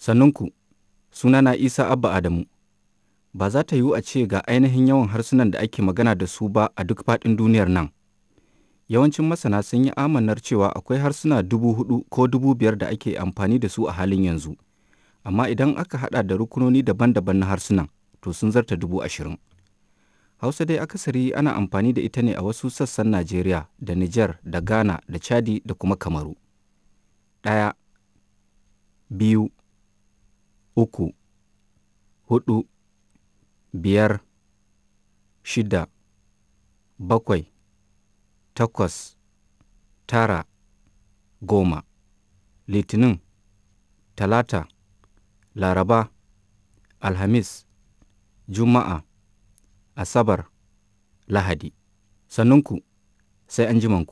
Sannunku, na Isa Abba Adamu. Ba za ta yiwu a ce ga ainihin yawan harsunan da ake magana da su ba a duk faɗin duniyar nan. Yawancin masana sun yi amannar cewa akwai harsuna dubu hudu ko dubu biyar da ake amfani da su a halin yanzu, amma idan aka haɗa da rukunoni daban-daban na harsunan, to sun zarta dubu ashirin. Hausa dai akasari ana amfani da ita ne a wasu sassan Najeriya da Nijar da Ghana da Chadi da kuma Kamaru. Ɗaya, biyu, uku, huɗu, biyar, shida, bakwai, takwas, tara, goma. Litinin, Talata, Laraba, Alhamis, Juma'a, Asabar, Lahadi. Sannunku, sai an jima